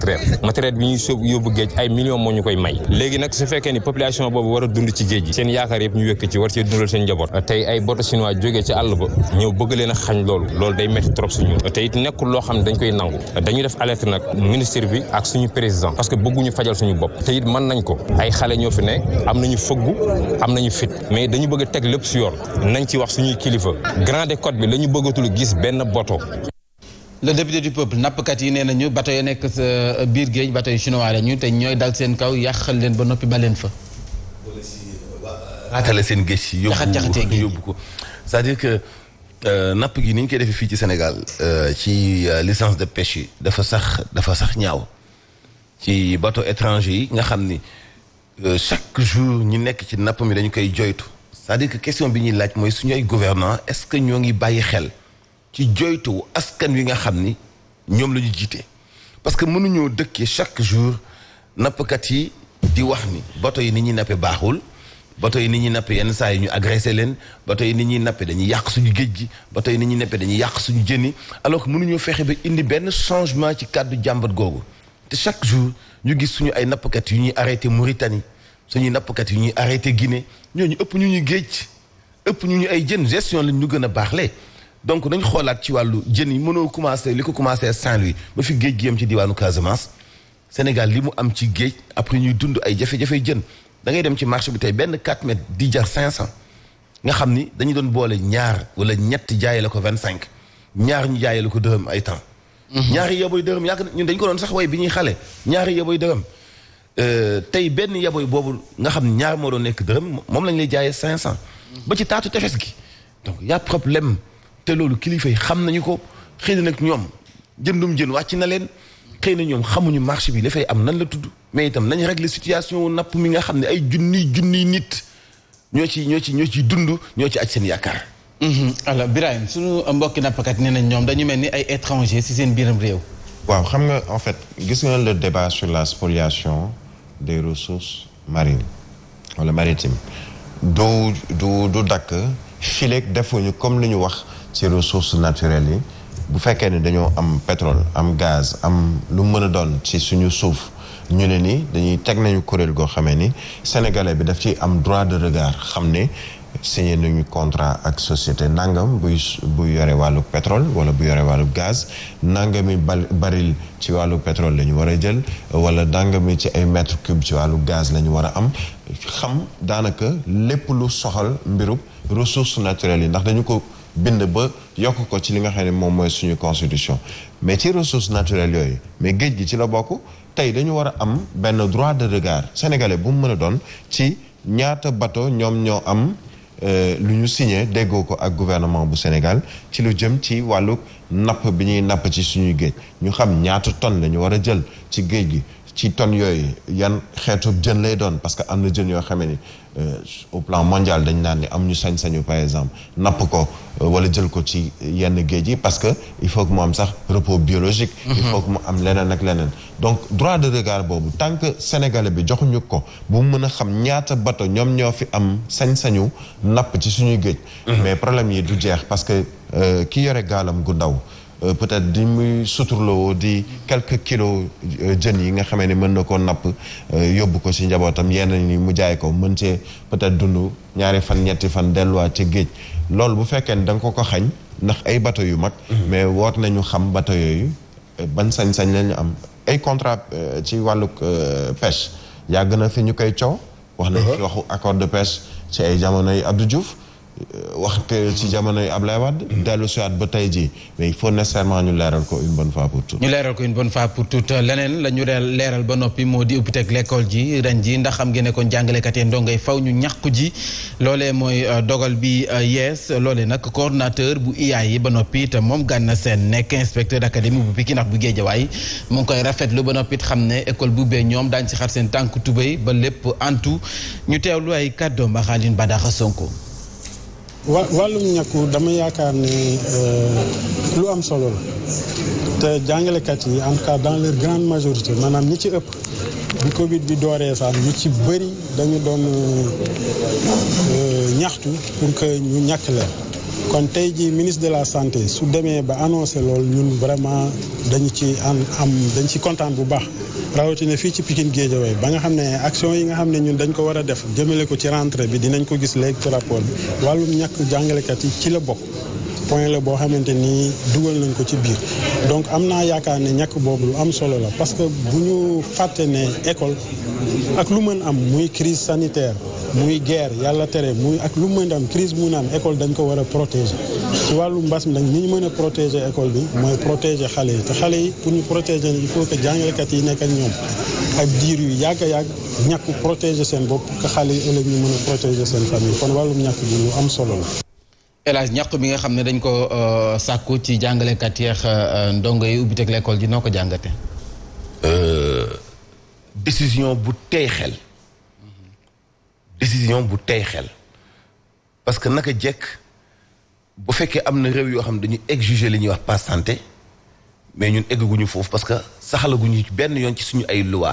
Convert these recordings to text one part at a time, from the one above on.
matériel matériel bi ñuy sóob yóbbu géej ay millions moo ñu koy may léegi nag su fekkee ni population boobu war a dund ci géej gi seen yaakaar yëpp ñu wekk ci war cee dundal seen njaboot tey ay bateau chinois jógee ci àll ba ñëw bëgg leen a xañ loolu loolu day métti trop suñu te it nekkul loo xam ne dañ koy nangu dañu def alerte nag ministre bi ak suñu président parce que bëgguñu fajal suñu bopp te it mën nañ ko ay xale ñoo fi ne am nañu fëggu am nañu fit mais dañu bëgg a teg lépp si yoon nañ ci wax suñuy kilifa grande côte bi la ñu bëggatul gis benn bateau le député du peuple nappkat yi nee nañu bateau yi nekk sa euh, biir géej bateau yu chinois ñu te ñooy dal seen kaw yàqal leen ba noppi ba leen fa. Euh, raatale seen géej si yóbbu ko c'est-à-dire que euh, napp gi ni koy defee fii ci Sénégal ci licence de pêche yi dafa sax dafa sax ñaaw ci bateau étranger yi nga xam ni chaque jour ñu nekk ci napp mi dañu koy joytu c'est-à-dire question bi ñuy laaj mooy suñu ay gouvernants est-ce que ñoo ngi bàyyi xel ci joytu askan wi nga xam ni ñoom la ñu jiite parce que mënuñoo dëkkee chaque jour nappkat yi di wax ni boto yi ni ñuy nappee baaxul boto yi ni ñuy nappee yenn saa yi ñu agressé leen boto yi ni ñuy nappe dañuy yàq suñu géej gi bato yi ni ñuy nappe dañuy yàq suñu jën yi alors que mënuñoo fexe ba indi benn changement ci kàddu jàmbat googu te chaque jour ñu gis suñu ay nappkat yu ñuy arrêté Mauritanie suñuy nappkat yu ñuy arrêté Guinée ñooñu ëpp ñu ñu géej ëpp ñu ñu ay jën gestion lañ ñu gën a baaxlee donc nañ xoolaat ci wàllu jën yi mënoo commencé li ko commencé Saint-Louis ba fi géej gi yam ci diwaanu Casamance Sénégal li mu am ci géej après ñuy dund ay jafe-jafe jën dangay dem ci marché bi tey benn 4 mètres jar 500 nga xam ni dañu doon boole ñaar wala ñett jaayee la ko 25 ñaar ñu jaayee ko dërëm ay temps. Mhm. ñaari yaboy dërëm yàgg na ñun dañu ko doon sax way bi ñuy xale ñaari yaboy dërëm. Euh, tey benn yaboy boobu nga xam ñaar moo doon nekk dërëm moom lañ lay jaayee 500. Mhm. ba ci taatu tefes gi donc y' a problème. te loolu kilifa yi xam nañu ko xëy na nag ñoom jëndum jën wàcc na leen xëy na ñoom xamuñu marché bi dafay am nan la tudd mais itam nañ régler situation napp mi nga xam ne ay junniy junniy nit ñoo ci ñoo ci ñoo ci dund ñoo ci aj seen yaakaar. Mhm. alors Birahim suñu mbokki nappkat nee nañ ñoom dañu mel ni ay étranger ci seen biiram réew. waaw xam nga en fait gis nga la débat sur la spoliation des ressources marines wala maritimes du du du dakk fileeg defuñu comme lu ñu wax. ci ressources naturelles yi bu fekkee ni dañoo am pétrole am gaz am lu mën a doon ci suñu suuf ñu ne nii dañuy teg nañu kuréel goo xamee ni sénégalais bi daf ci am droit de regard xam ne signé nuñu contrat ak société nangam buy bu yore wàllu pétrole wala bu yore wàllu gaz nangami baril ci wàllu pétrole la ñu war a jël wala nangami ci ay mètre cube ci wàllu gaz la ñu war a am xam daanaka lépp lu soxal mbirub ressources naturelles yi ndax dañu ko bind ba yokk ko ci li nga xam ne moom mooy suñu constitution mais ci ressources naturelles yooyu mais géej gi ci la bokk tey dañu war a am benn droit de regard sénégalais bu mu mën a doon ci ñaata bateau ñoom ñoo am euh, lu ñu signé déggoo ko ak gouvernement bu Sénégal ci lu jëm ci wàllu napp bi ñuy napp ci suñuy géej ñu xam ñaata tonne la ñu war a jël ci géej gi ci tonnes yooyu yan xeetu jën lay doon parce que am na jën yoo xamee ni euh, au plan mondial dañ naan ni am ñu sañ-sañu par exemple napp ko euh, wala jël ko ci yenn géej yi parce que il faut que mu am sax repos biologique mhm. il faut que mu am leneen ak leneen donc droit de regard boobu tant que sénégalais bi joxuñu ko bu mu mën a xam ñaata bato ñoom ñoo fi am sañ-sañu napp ci suñuy géej mhm. mais problème yi du jeex parce que euh, ki yore gaalam gu ndaw Euh, peut-être di muy suturloo di quelques kilos euh, jën yi nga xamee ne mën na koo napp euh, yóbbu ko ci njabootam yenn ni mu jaay ko mën cee peut-être dund ñaari fan ñetti fan delluwaat ci géej loolu bu fekkee ne da nga ko ko xañ ndax ay bateau yu mag mm-hmm. mais woot nañu xam bateau yooyu ban sañ-sañ lañu am ay contrat ci wàllu pêche yàgg na fi ñu koy coow wax nañ fi uh-huh. waxu accord de pêche ci ay jamono yi Abdou Diouf waxte ci jamono yu ab Wade. dellu si waat ba tey ji mais il faut nécessairement ñu leeral ko une bonne fois pour toutes. ñu leeral ko une bonne fois pour toutes leneen lañu ñu leeral ba noppi moo di ubbiteeg l'école ji ren ji ndax xam ngeen ne kon jàngalekat yi ndongo yi faw ñu ñax ñàkku ji loole mooy euh, dogal bi euh, yees loolee nag coordonnateur bu IAA yi ba noppi te moom Gana Sène nekk inspecteur d'académie bu Pikine bu Guédiawaye mu ngi koy rafetlu ba noppi xam ne école bu bee ñoom daañu si xar seen tànk tubéy ba lépp antu ñu teewlu ay kàddoom Bakhaline Badara Sonko. wa wàllum ñàkku dama yaakaar ne euh, lu am solo la te jàngalekat yi en tout dans leur grande majorité maanaam ñi ci ëpp bi Covid bi dooree sax ñu ci bëri dañu doon euh, ñaxtu pour que ñu ñàkk la kon tey jii ministre de la santé su demee ba annoncé lool ñun vraiment dañu ci am am dañ ci kontaan bu baax rawatina fii ci Pikine Guédiawaye ba nga xam ne action yi nga xam ne ñun dañ ko war a def jëmale ko ci rentrée bi dinañ ko gis léegi ci rapport bi wàllum ñàkk jàngalekat yi ci la bokk point la boo xamante nii dugal nañ ko ci biir donc am naa yaakaar ne ñàkk boobu lu am solo la parce que bu ñu fàtte ne école ak lu mën am muy crise sanitaire muy guerre yàlla tere muy ak lu mën am crise mun am école dañ ko war a protéger ci wàllu mbas mi ni ñu mën a protéger école bi mooy protégé xale yi te xale yi pour ñu protégé il faut que jàngalekat yi nekk ñoom ak diir yu yàgg a yàgg ñàkk protéger seen bopp que xale yi ëllëg ñu mën a protéger seen famille kon wàllum ñàkk bi lu am solo la elage ñàkk bi nga xam ne dañ ko euh, sàkku ci jàngalekat yeex euh, ndongo yi ubbi teg l'école ji noo ko jàngate euh, décision bu tey xel décision bu tey xel parce que naka jekk bu fekkee am na réew yoo xam ne dañu exiger li ñuy wax passe mais ñun egguñu foofu parce que saxalaguñu benn yoon ci suñu ay loi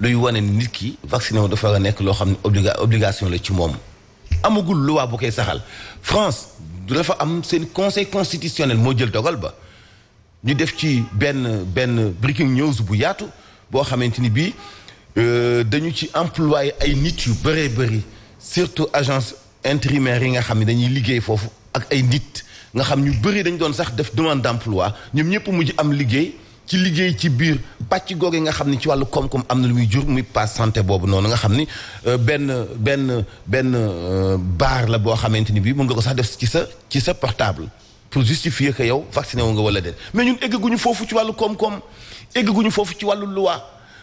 luy wane nit ki vacciné wu dafa war a nekk loo xam ne obligation la ci moom amagul luwaa bu koy saxal France dafa am seen conseil constitutionnel moo jël dogal ba ñu def ci benn benn breaking news bu yaatu boo xamante ni bii euh, dañu ci employé ay nit yu bëree bëri surtout agence intérimaire yi nga xam ne dañuy liggéey foofu ak ay nit nga xam ñu bëri dañu doon sax def demande d'emploi ñoom ñëpp mujj am liggéey ci liggéey ci biir pàcc googu nga xam ni ci wàllu koom-koom am na lu muy jur muy pass santé boobu noonu nga xam ni euh, benn benn benn euh, baar la boo xamante ni bii mën nga ko sax def ci sa ci sa portable pour justifier que yow vacciné wu nga wala déet mais ñun eggaguñu foofu ci wàllu koom-koom eggaguñu foofu ci wàllu loi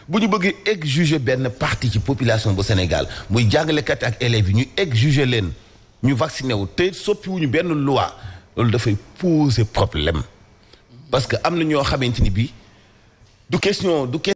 bu ñu bëggee egg juger benn partie ci population bu Sénégal muy jàngalekat ak élèves yi ñu egg juger leen ñu vacciné wu te soppiwuñu benn loi loolu dafay poser problème parce que am na ñoo xamante ni bii du question du question